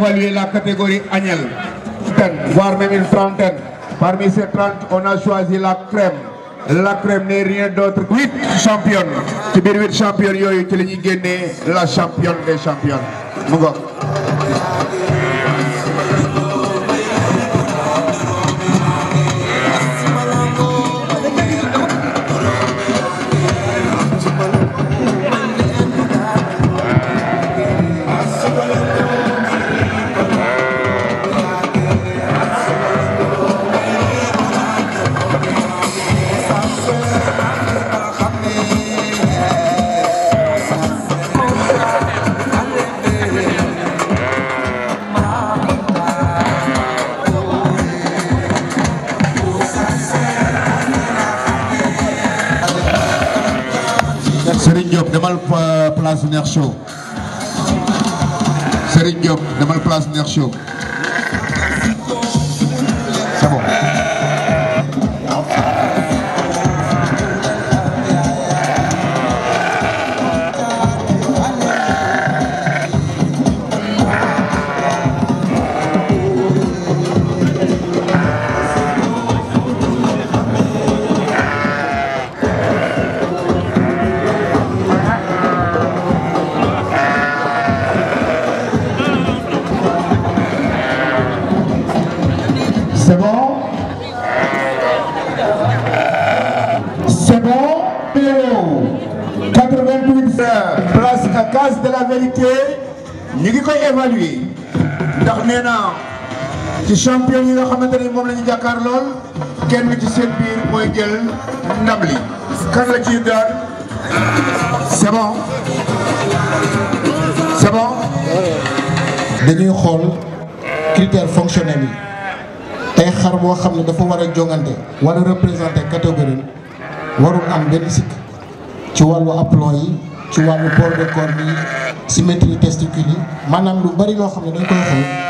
évaluer la catégorie Agnel, voire même une trentaine. Parmi ces trente, on a choisi la crème. La crème n'est rien d'autre que 8 championnes. 8 championnes la championne des champions Все. ci champion yi nga ni moom la ñu jàkkaar lool kenn ci seen biir mooy jël ndam li kan la ciy daan c'est dañuy xool critère fonctionnel yi tey xar boo xam ne dafa war a jongante war représenter catégorie warul am benn sikk ci wàllu aplomb yi ci wàllu port de corps yi symétrie testicule yi maanaam lu bari loo xam ne dañ koy xool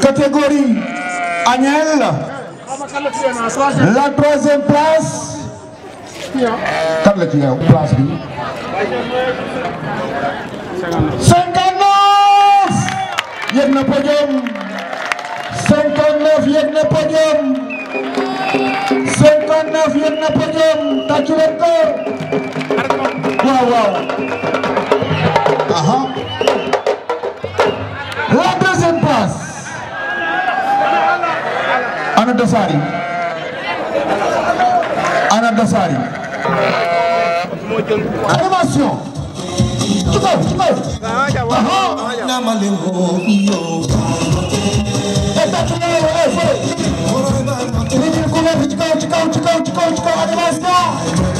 catégorie Agnel. La troisième place. kan la ci yow place bi. 59. yéeg na podium. 59 yéeg aha. ana Dasari ana Dasari animation tukau tukau aho na malengo yo etatule efe Tikau, tikau, tikau, tikau, animação!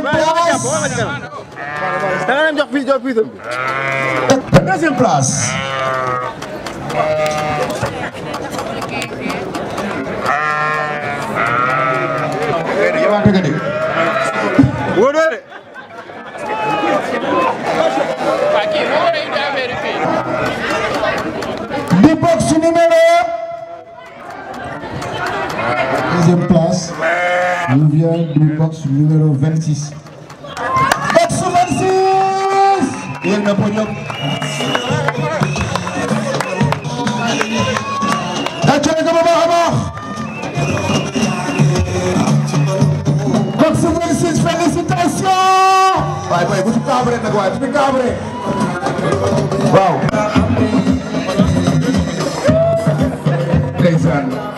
vai, vai, vai, a bola, cara. Tá, já fiz, já fiz. Deuxième place. Wurdur. número Deuxième place, nous vient du box numéro 26. Box 26 Et le podium. Box 26, felicitação! Vai, vai, vou muito cabre, agora, muito cabre. Wow. anos.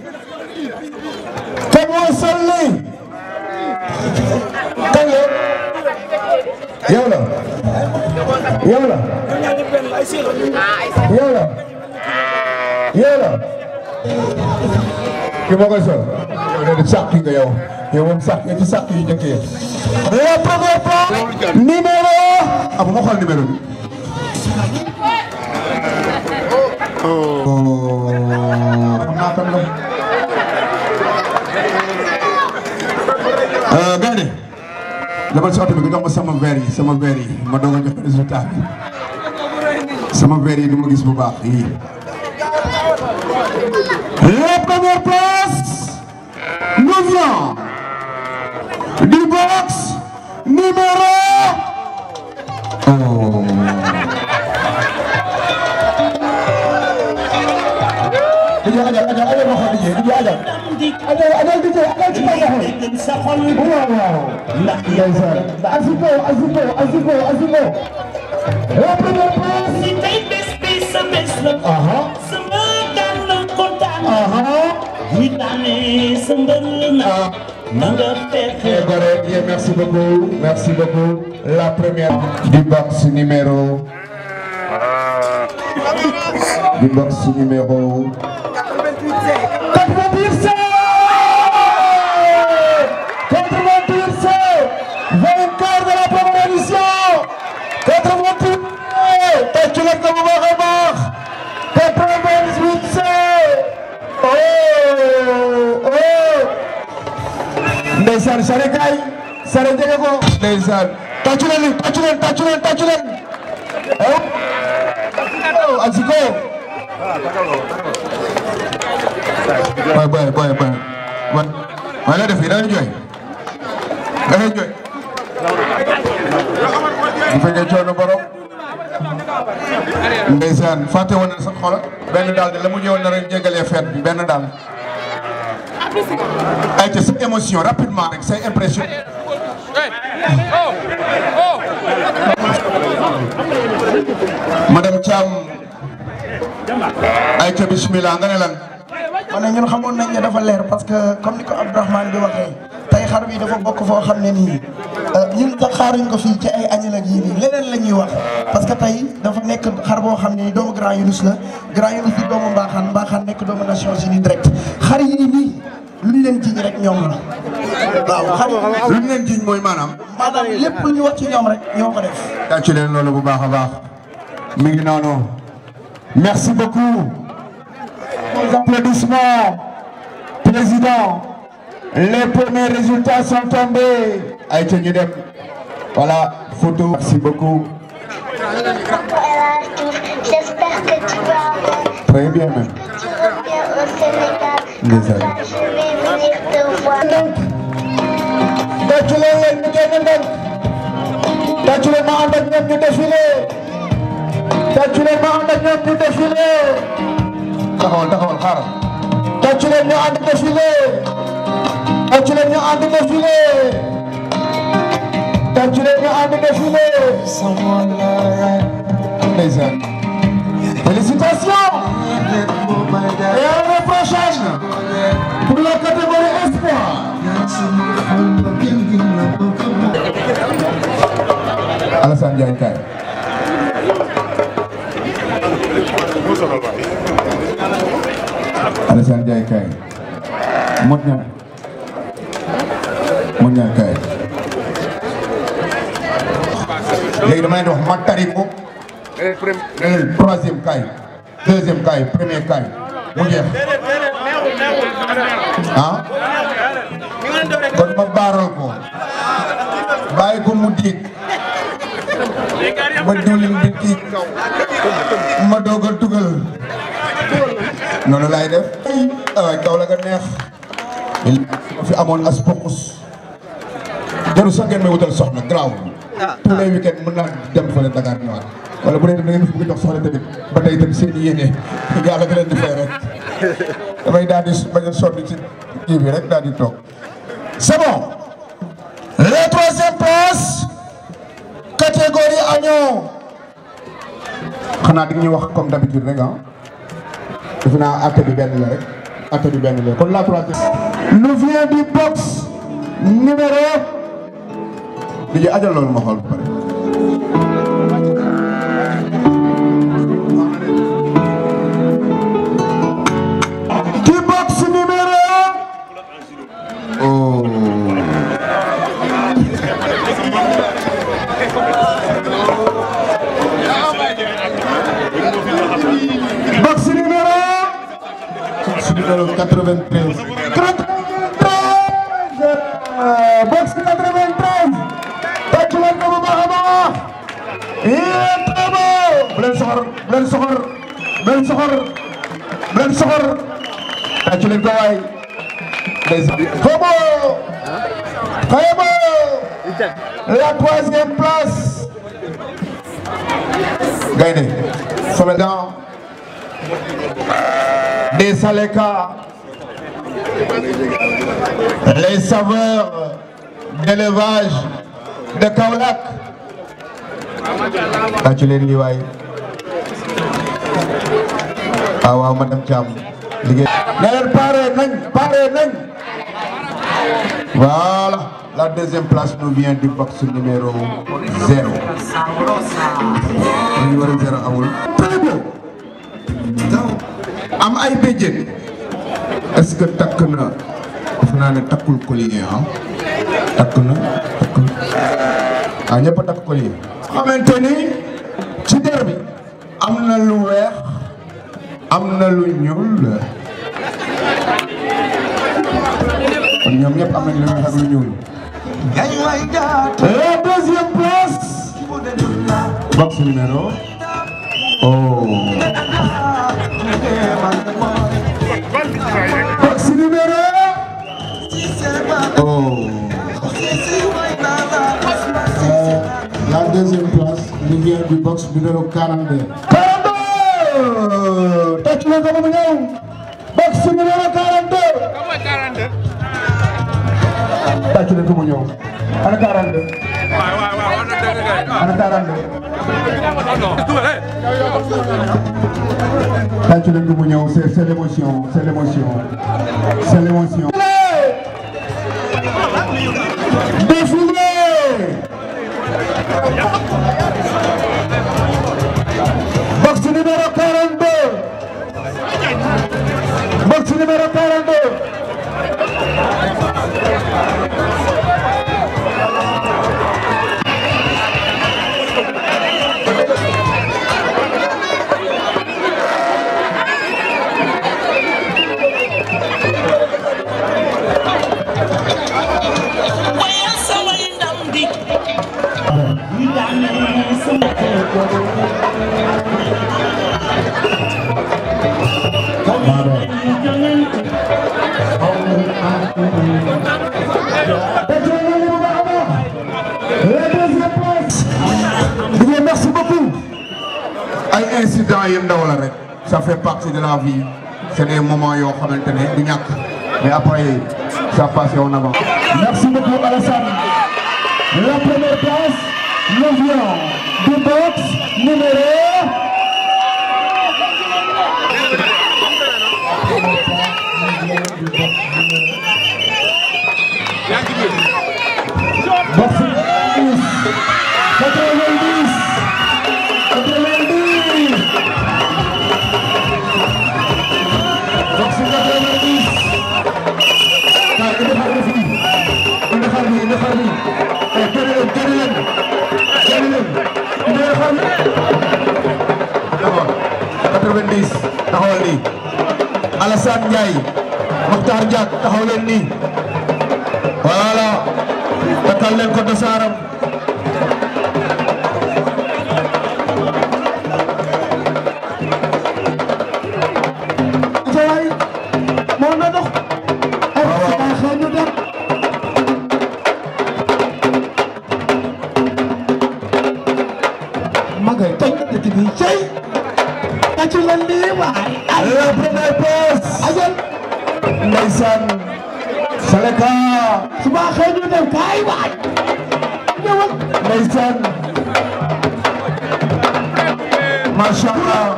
kañ la yow la yow la yow la yow la ki ma koy sol yow da di sàq nga yow yow moom sàq nga ci sàq yu njëkk yi la premier point numéro ah bu ma xool numéro bi xam naa kan la labal si oto bi nga jox ma sama verre yi sama verre yi ma doog a jox résultat bi sama verre yi du ma gis bu baax yii. la première place nous vient du box numéro. oh. Merci beaucoup, merci beaucoup. La première du box numéro. Ah. Du box numéro ndeysaan sare kaay sare jege ko ndeysaan tàccu leen tàccu leen tàccu leen tàccu leen oh asiko def da nga jooy da nga jooy bu fekkee coono borom ndeysaan fàtte woon sa xol benn daal de la mu ñëwoon na rek feet fête bi benn daal Aïe cette émotion rapidement avec cette impression. madame Thiam Aïe, bismillah nga lan. ma ne ñun xamoon nañ ne dafa leer parce que comme ni ko Abdourahmane di waxee tey xar bi dafa bokk foo xam ne nii euh, ñun sax xaaruñ ko ci ay añal ak nii leneen la ñuy wax parce que tey dafa nekk xar boo xam ne nii doomu Grand Younouss la Grand Younouss di doomu Mbaaxaan Mbaaxaan nekk doomu Nations Unies direct xar yii nii luñ leen jiñ rek ñoom la waaw xar yi ñu leen jiñ mooy maanaam maanaam lépp lu ñu wax ci ñoom rek ñoo ko def tàcc leen loolu bu baax a baax mi ngi noonu merci beaucoup Les applaudissements, président. Les premiers résultats sont tombés. Voilà, photo. Merci beaucoup. J'espère que tu vas. Très bien, Tu reviens au Sénégal. je vais venir te voir. taxawal taxawal xaaral. tàccu leen ñu ànd défilé. tàccu leen ñu ànd défilé. tàccu leen ñu ànd défilé. ndeysaan. félicitations. et à l'année prochaine. pour la catégorie espoir. Alassane Ndiaye Kaye. Alassane Ndiaye kaay mot ñaan mot ñaan léegi dama leen di ma tari ko léegi troisième kaay premier kaay mu jeex ah? kon ma baaral ko bàyyi mu diig ma diwlin bi diig ma doog a dugal noonu laay def waaye kaw la nga neex fi amoon as pokus jarul sax ngeen may wutal soxna graw ah, ah. tous les week-end naa dem fële Dakar ñëwaat wala bu dee da ngeen fi bëgg a jox soxla tamit ba tey tamit seen yéene di fay rek damay daal di bañ a ci kii rek daal di toog c'est bon place catégorie agneau xanaa di wax comme d'habitude rek ah defe naa acte bi benn la rek acte bi benn la kon la troisième. nous vient du box numéro. di ajal loolu ma xool numéro 93. 93 box 93 tàcc leen ko bu baax a baax yéen tamit bu leen soxor bu leen soxor bu leen soxor bu leen soxor tàcc leen ko waay Kobo Kobo la troisième place Gaynde Soledan des Saleka, les saveurs d'élevage de Kaolak. de ah, Liwai. Awa ah, Madame Cham. paré, Neng Voilà, la deuxième place nous vient du box numéro 0. Très bien. am ay béjjén est-ce que takk na daf naa ne takkul collier ah takk na takkul ah a takk collier. xamante ni ci der am na lu weex am na lu ñuul kon ñoom ñëpp am na lu weex ak lu ñuul. la deuxième place box numéro. oh taxi numéro oh la deuxième place nous vient du box numéro 42 42 taxi numéro box numéro 42 taxi numéro 42 ana 42 ana 42 tàccu leen ko mu ñëw c'est c'est l'émotion c'est l'émotion c'est l'émotion box numéro 42 box numéro 42 merci beaucoup Un incident la ça fait partie de la vie c'est des moments où on ne un mais après ça passe en avant merci beaucoup Alassane la première place le violon du número... Merci. Alassane Ndiaye Makhtar Diak taxaw leen nii voilà takkal leen ko dosaaram Mashallah.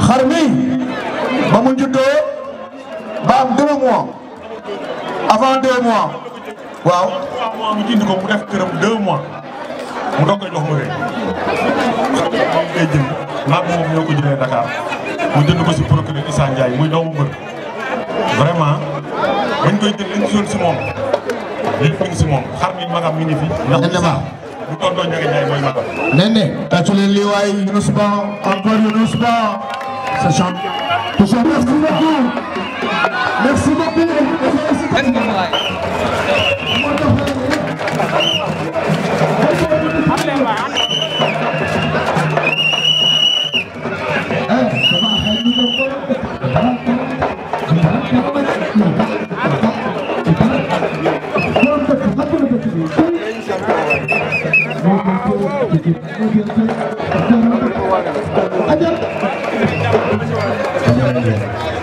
xar mi ba mu juddoo ba am deux mois avant deux mois waaw. mu jënd ko mu def këram deux mois mu doog koy jox mu rek moom ngay jënd maa ngi moom ñoo ko jëlee Dakar mu jënd ko si procureur Issa Ndiaye muy doomu mbër vraiment bañ koy jël liñ suul si moom lépp mi ngi si moom xar mi magam mi ngi fi. ndax bu tonton Yunus Ba encore Yunus Ba. sachant que je merci beaucoup. Merci beaucoup. Thank you. Yeah.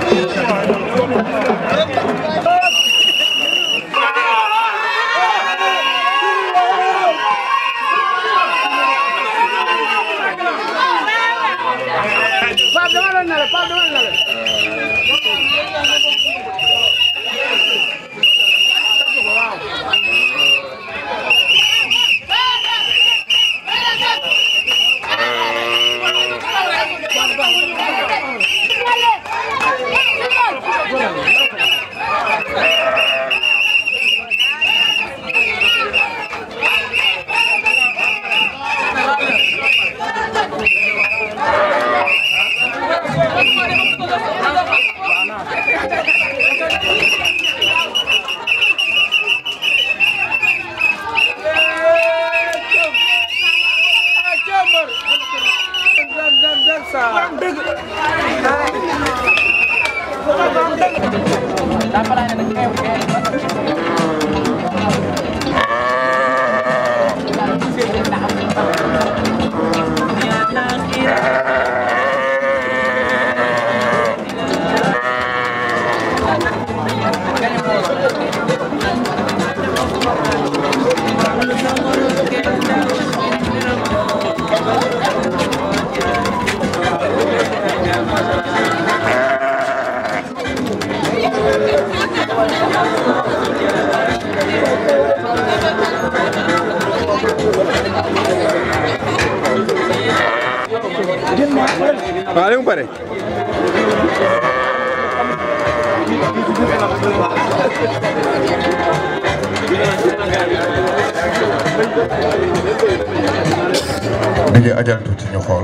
dige ajal tuuti ñu xool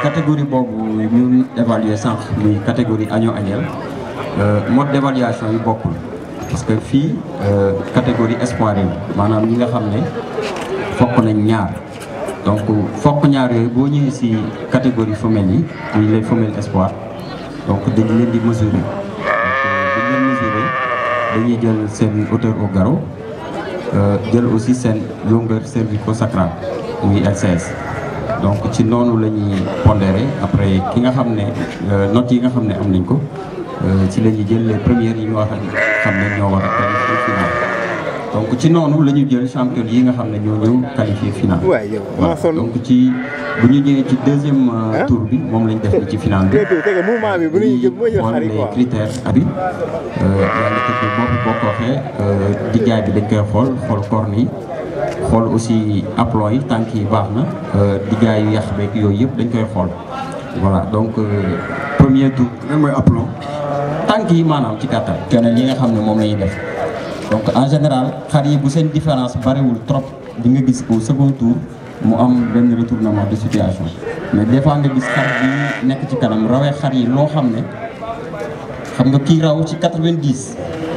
catégorie bobu ñu évaluer les catégories catégorie agneau Le euh, mode d'évaluation est parce que la euh, catégorie espoir manam ñi nga nañ ñaar donc fokk ñaar bo ñëw si catégorie femelle yi les espoir donc dañ leen di mesurer donc mesurer dañuy jël hauteur au garrot euh, jël aussi seen longueur cervico donc ci noonu la ñuy pondéré après ki nga xam ne euh, notes yi nga xam ne am nañ ko euh, ci la ñuy jël les yi nga wax xam ne ñoo war a qualifié final donc ci noonu la ñuy jël champion yi nga xam ne ñoo ñëw qualifié final. waaw donc ci bu ñu ñëwee ci deuxième euh, tour bi moom lañ def ci final bi. di xool les critères abi yàlla tëdd boobu boo ko waxee bi dañ koy xool xool corne yi. xool aussi aplomb yi tànk yi baax na euh, diggaayu yàq beeg yooyu yëpp dañ koy xool voilà donc euh, premier tour. lan mooy aplomb. tànk yi maanaam ci gàttal. keneen li nga xam ne moom la def donc en général xar yi bu seen différence bariwul trop di nga gis au second tour mu am benn retournement de situation mais des fois nga gis xar bi nekk ci kanam rawee xar yi loo xam ne xam nga kii raw ci 90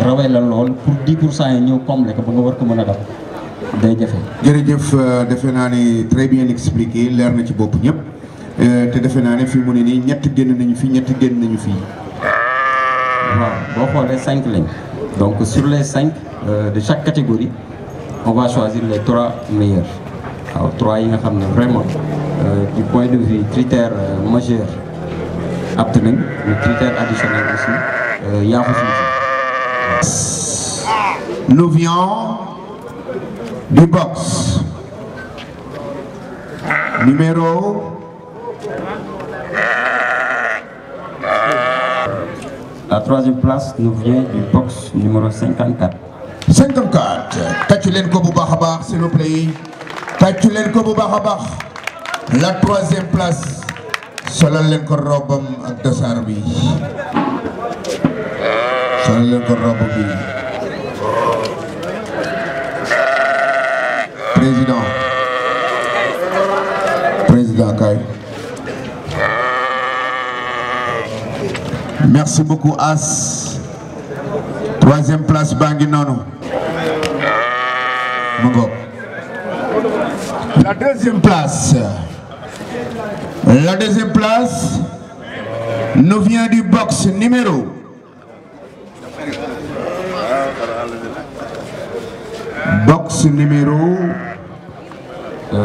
rawee la lool pour 10 pour cent yi ñëw comblé ko ba nga war ko mën a def. Euh, très bien expliqué euh, donc sur les cinq euh, de chaque catégorie on va choisir les trois meilleurs Alors, trois il y vraiment du point de vue critère majeur critère additionnel aussi nous du box numéro La troisième place nous vient du box numéro 54. 54 tàccu leen ko s'il vous plaît tàccu leen la troisième place solal leen ko robam président président merci beaucoup As troisième place Banginano la deuxième place la deuxième place nous vient du box numéro box numéro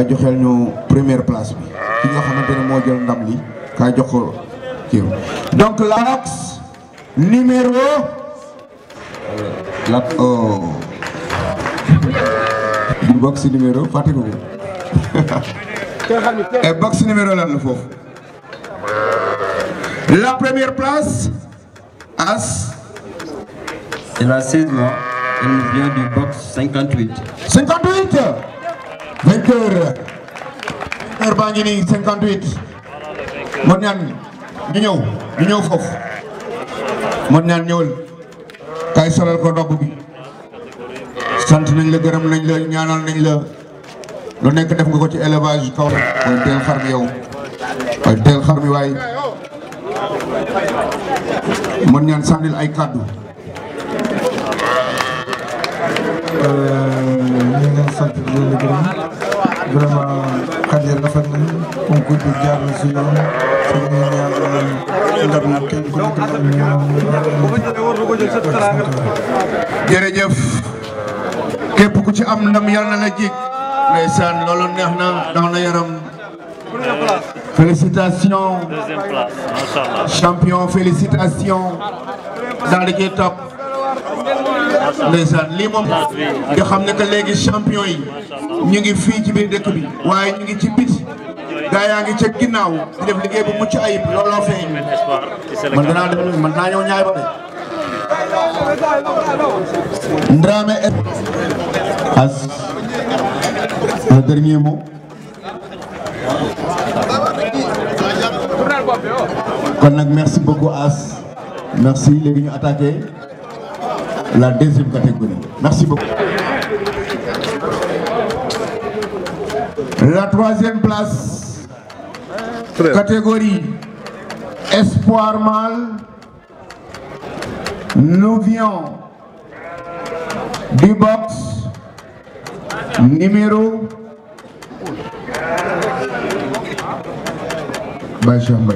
kaay joxeel ñu première place bi ki nga xamante ne jël ndam li Donc donc l'axe numéro la oh box numéro fàtte ko eh, box numéro lan la faut la première place as c'est la 16 mois elle vient du box 58 58 vainqueur vainqueur baa ngi nii 58 Modou Niane ñu ñëw ñu ñëw foofu Modou Niane ñëwal kay solal ko ndobb bi sant nañ la gërëm nañ la ñaanal nañ la lu nekk def nga ko ci élevage kaw waaye teel xar yow waaye teel xar mi waaye Modou Niane sànnil ay kàddu euh, ñu ngi sant di leen gërëm vraiment xale rafet ku képp ku ci am ndam yàlla na la jig ndeysaan loolu neex na daw na yaram félicitations champion félicitations daal di ciy topp ndeysaan lii moom nga xam ne que léegi champion yi ñu ngi fii ci biir dëkk bi waaye ñu ngi ci biti gaa yaa ngi ca ginnaaw di def liggéey bu mucc ayib looloo feeñ man danaa dem naa ñëw ñaay ba Dramé as le dernier mot kon nag merci beaucoup léegi ñu attaqué la deuxième catégorie. Merci beaucoup. La troisième place, catégorie Espoir mal. nous vions du box numéro Benjamin.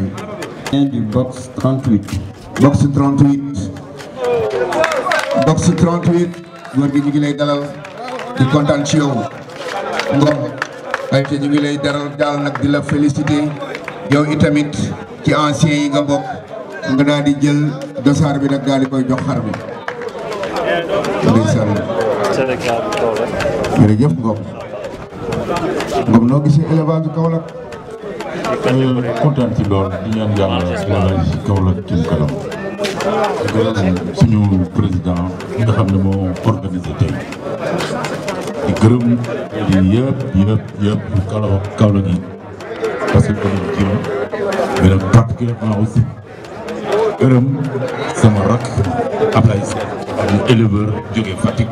Du box 38. Box 38. box 38 góor gi ñu lay dalal di kontaan ci yow Ngom ay te ñu ngi lay dalal daal nag di la féliciter yow itamit ci ancien yi nga bokk nga daal di jël dosaar bi nag daal di koy jox xar bi ndeysaan jërëjëf Ngom Ngom noo gisee élevage Kaolack euh, kontaan ci lool di ñaan yàlla élevage Kaolack jëm kanam gërëm président nga xam ne moo organisé tey di gërëm di yëpp yëpp ci gërëm sama rakk Ablaye Seck ak éleveur jógee Fatick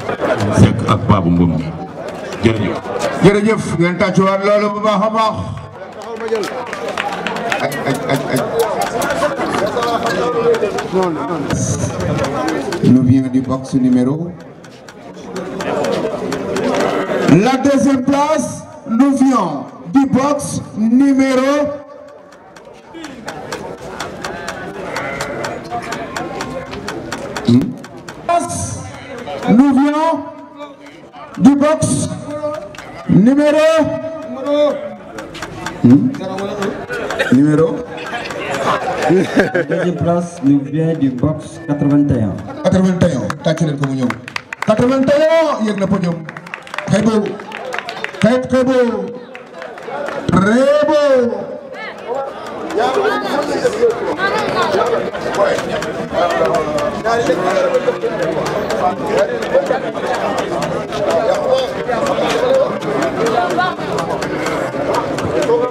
Seck ak Babou Ngom bi jërëjëf. jërëjëf ngeen tàccuwaat loolu bu baax a baax. Nous vient du box numéro. La deuxième place nous vient du box numéro. Hmm? Nous vient du box numéro. Hmm? Numéro. deuxième place nous vient du box 81. 81 tàcc leen ko mu ñëw. 81 yéeg na podium. très beau. très très beau. très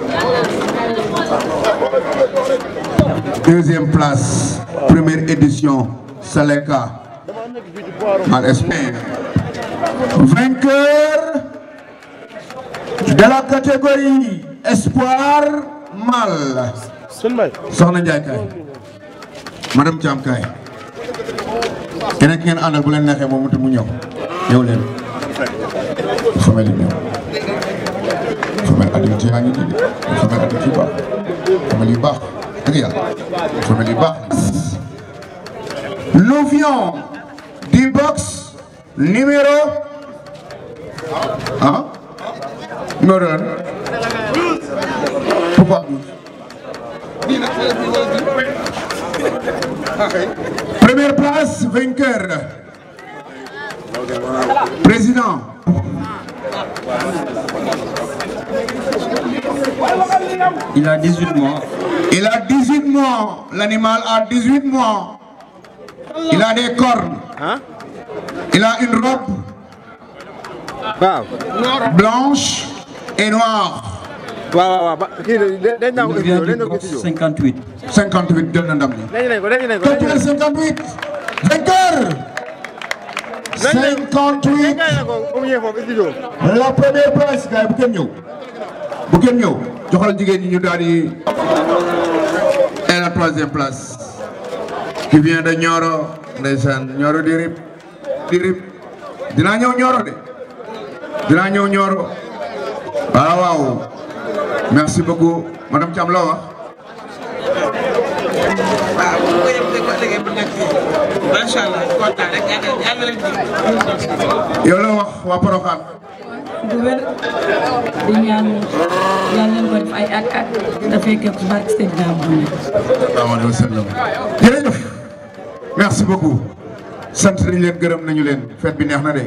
beau. Deuxième place, première édition, Saleka. Mal espère. Vainqueur de la catégorie Espoir Mal. Soxna Ndiaye Kaye. Madame Thiam Kaye. en ki ngeen àndal bu leen neexee moom itam mu ñëw. ñëw leen. xamal ñëw. L'ovion du box numéro ah numéro pourquoi première place vainqueur président il a 18 mois. Il a 18 mois. L'animal a 18 mois. Il a des cornes. Hein? Il a une robe bah. blanche et noire. 58. 58 donne 58. 58. la première place gars bu kenn ñëw. bu kenn ñëw joxal jigéen ñi ñu daal di. et la troisième place. qui vient de Nioro ndeysaan Nioro di rip di rip dinaa ñëw ñoro de. dinaa ñëw Nioro. waaw waaw. merci beaucoup madame Thiam la wax. incha allah kontaan rek yàlla wax waa Porokhane. du wér di merci beaucoup. sant nañ leen gërëm nañu leen feet bi neex na de.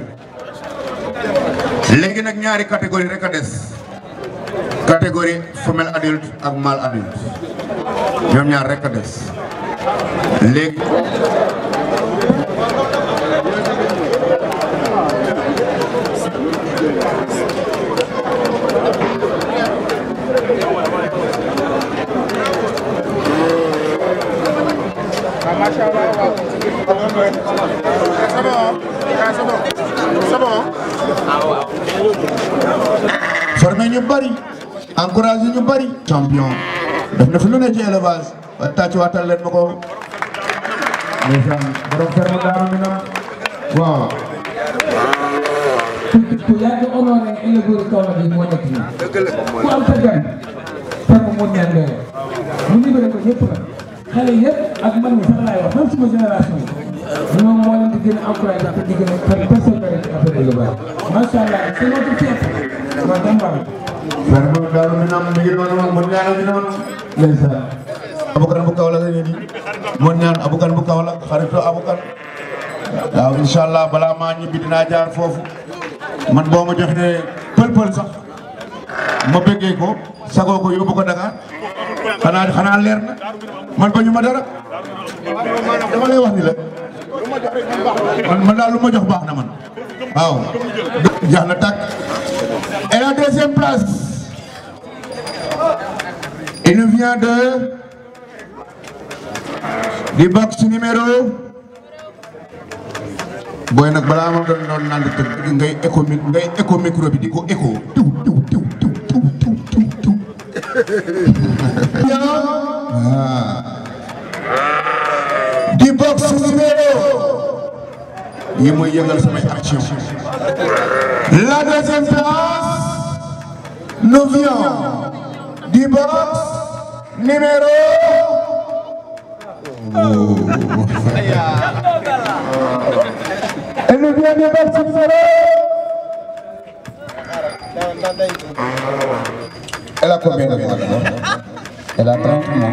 léegi nag ñaari catégorie rek a des catégorie femelle adulte ak mâle adulte ñoom ñaar rek a des léegi C'est bon. C'est bon. formé ñu bari encouragé ñu bari champion def na fi lu ne ci élevage ba tàcc waatal leen ma ko ndeysaan borom ferme daaru mi nam waaw ku yàgg honoré éleveur Kaolack yi moo nekk nii ku am sa gan ferme mu neen loolu mu libéré ko ñëpp la xale yëpp ak man mi sax laay wax même suma génération moom allah abukan bu kaw la la di ñaan abukan bu kaw la abukan waaw incha allah balaa maa ñibbi dinaa jaar foofu man boo ma joxee pël-pël sax ma bëggee ko sagoo ko yóbbu xanaa xanaa leer na man ba dara dama lay wax ni la et la deuxième place il nous vient de du box numéro du numéro yi mooy yëngal samay action la deuxième place nous vient du box numéro oh. elle nous vient du box numéro elle a combien de mois elle a 30 mois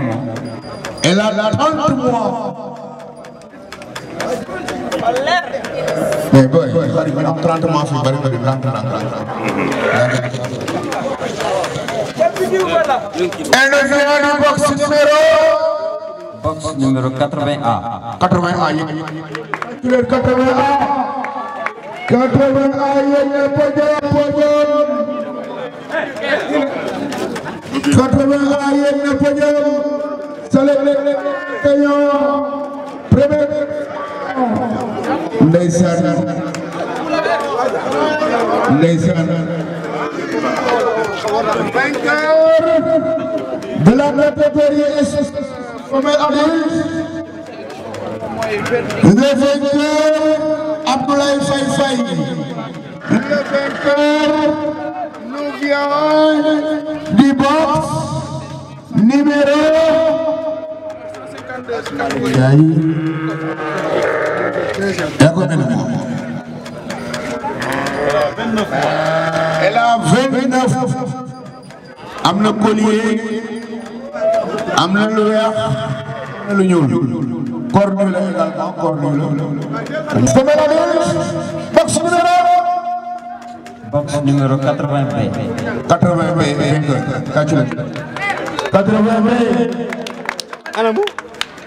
elle a 30 mois mais booy xarit man am 30 mois fu bëri bëri 30 30 30. Indovian box numéro. box numéro 80A. 80A yéen yéen 80A. 80A yéen ña pojoon pojoon. 80A yéen ña pojoon. Sële kañoo premier. ndeysaan ndeysaan la catégorie SS femelle adulte le vainqueur yayi yaa ko benn moom elle a vingt-neuf am na collier am na lu weex am na lu ñuul cornu la également cornu la comme la box numéro box numéro 80 bay 80 bay 80 bay anamu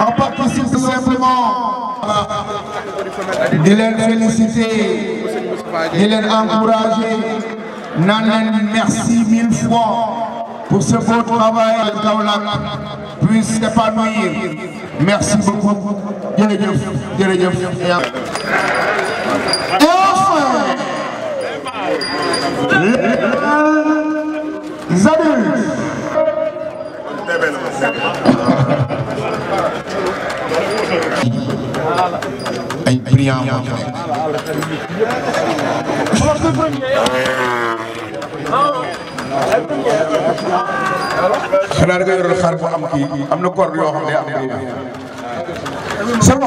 en tout simplement de les féliciter de les encourager Nan, merci mille fois pour ce beau travail que Kaolack puisse s'épanouir merci beaucoup Et enfin, Les adultes. ay brillant moo ci nekk. xanaa da nga yoroon xar bu am kii am na góor yoo xam ne am nañu ko. sama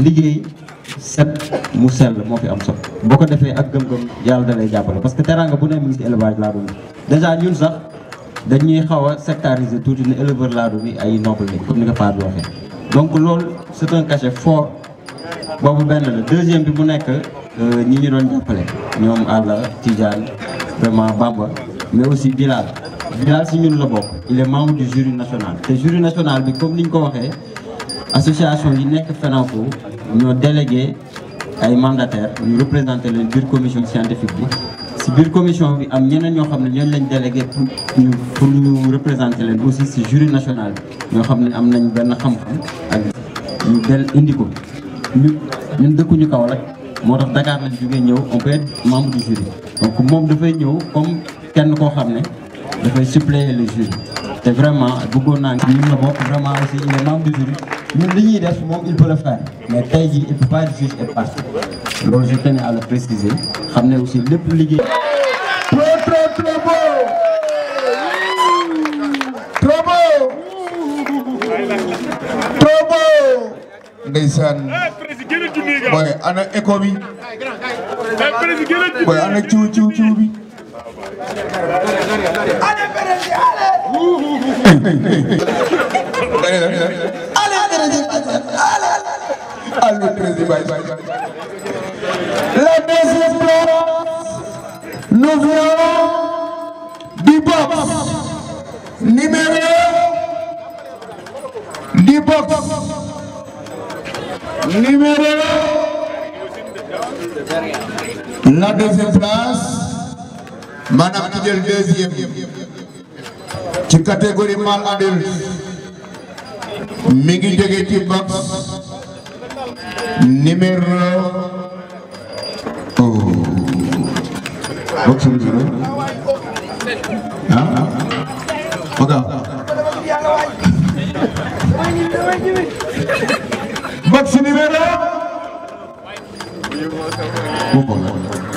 liggéey set mu sell moo fi am solo boko ko ak gëm-gëm yalla da lay jàppale parce que teraanga bu ne mi ngi élevage la doon déjà ñun sax dañuy xaw a sectariser tout ne éleveur laadum yi ay noble ni comme ni ko Pape waxee. donc lool c'est un cachet fort bobu benn la deuxième bi mu nekk euh, ñi ñu doon jappalé ñom àlla Tidiane vraiment Bamba mais aussi Bilal Bilal si ñun la bok il est membre du jury national te jury national bi comme niñ ko waxé association yi nek FENACO ñoo délégué ay mandataire, ñu représenter le biir commission scientifique bi si bureau commission bi am ñeneen ño xam ne lañ délégué pour ñu pour ñu représenté aussi si jury national ño ñoo am nañ ben xam-xam ak ñu del indi ko ñu ñun ñu kaw moo motax Dakar lañ jógee ñew on peut être membre du jury donc da fay ñew comme kenn ko xam da fay suppléer le jury c'est vraiment beaucoup naa vraiment aussi il est membre du il peut le faire mais peut pas être et je tenais à le préciser Je aussi le liggéey. trop trop beau. trop beau. trop beau. ale berendi ale ale berendi ale ale berendi bay bay la deuxième place nous vient du box numéro du box numéro la deuxième place maanaam ki jël deuxième ci catégorie mâle adulte mi ngi jóge ci box numéro oh. box numéro ah, ah. oga oh, box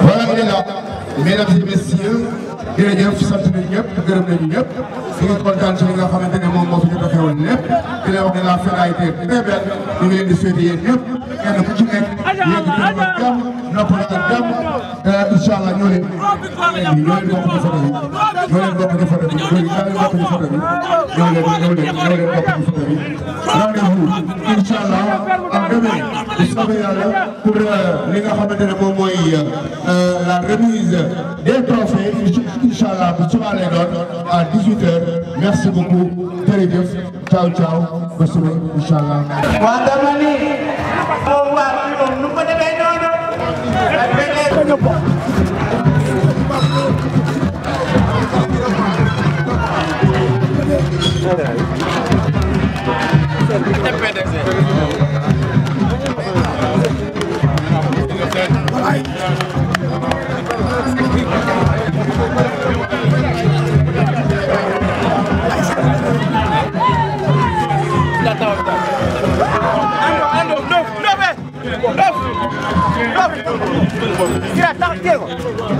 voilà mesdames a messieurs jërëjëf sant nañu ñëpp gërëm nañu ñëpp ñu ngi kontaan ci li nga xamante ne moom moo fi jot a xewal lépp di leen wax ne la fête a été très belle ñu ngi leen di souhaiter yéen ñëpp kenn ku ci nekk yéen di bëri ñoo leen bokk ci photo bi ñoo leen bokk ci photo bi ñoo leen bokk ci photo bi ñoo leen ñoo leen bokk ci photo bi rendez-vous inchallah en demain bu soobee yàlla pour li nga xamante ne moom mooy la remise des trophées inchallah bu subaa lay doon à 18h merci beaucoup jërëjëf ciao ciao ba suba inchallah waa dama ni moom waa moom nu ko demee noonu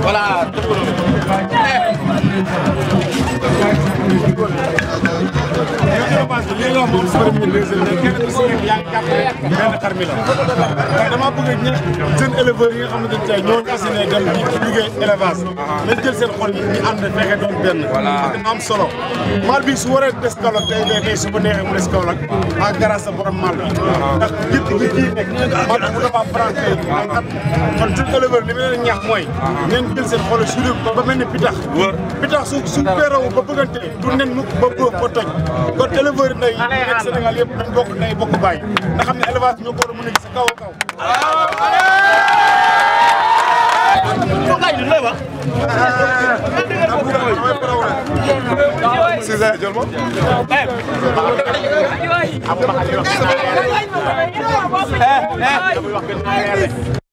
Voilà. lii la moom si premier ministre ne kenn ku si nekk yaa ngi jàppale benn xar mi la ndax dama bëgg ñëpp seen éleveurs yi nga xamante ne ñoo ñu asséné dem di liggéey élevage nañ jël seen xol yi ñu ànd fexe doon benn. voilà am solo. mal bi su waree des Kaolack tey tey tey su ko neexee mu des Kaolack en ah grâce à borom mal bi ndax gétt gi ciy nekk man mu dafa France tey ay at kon suñ éleveur li ma leen ñaax mooy ngeen jël seen xol su ko ba mel ni pitax pitax su su peerawu ba bëggante du nen mukk ba bóof ba toj kon éleveur yi nay nekk Sénégal yëpp dañ bokk nay bokk bàyyi nga xam ne élevage ñoo ko war a mën a gis sa kaw a kaw ah, Sizay jël moom. Eh eh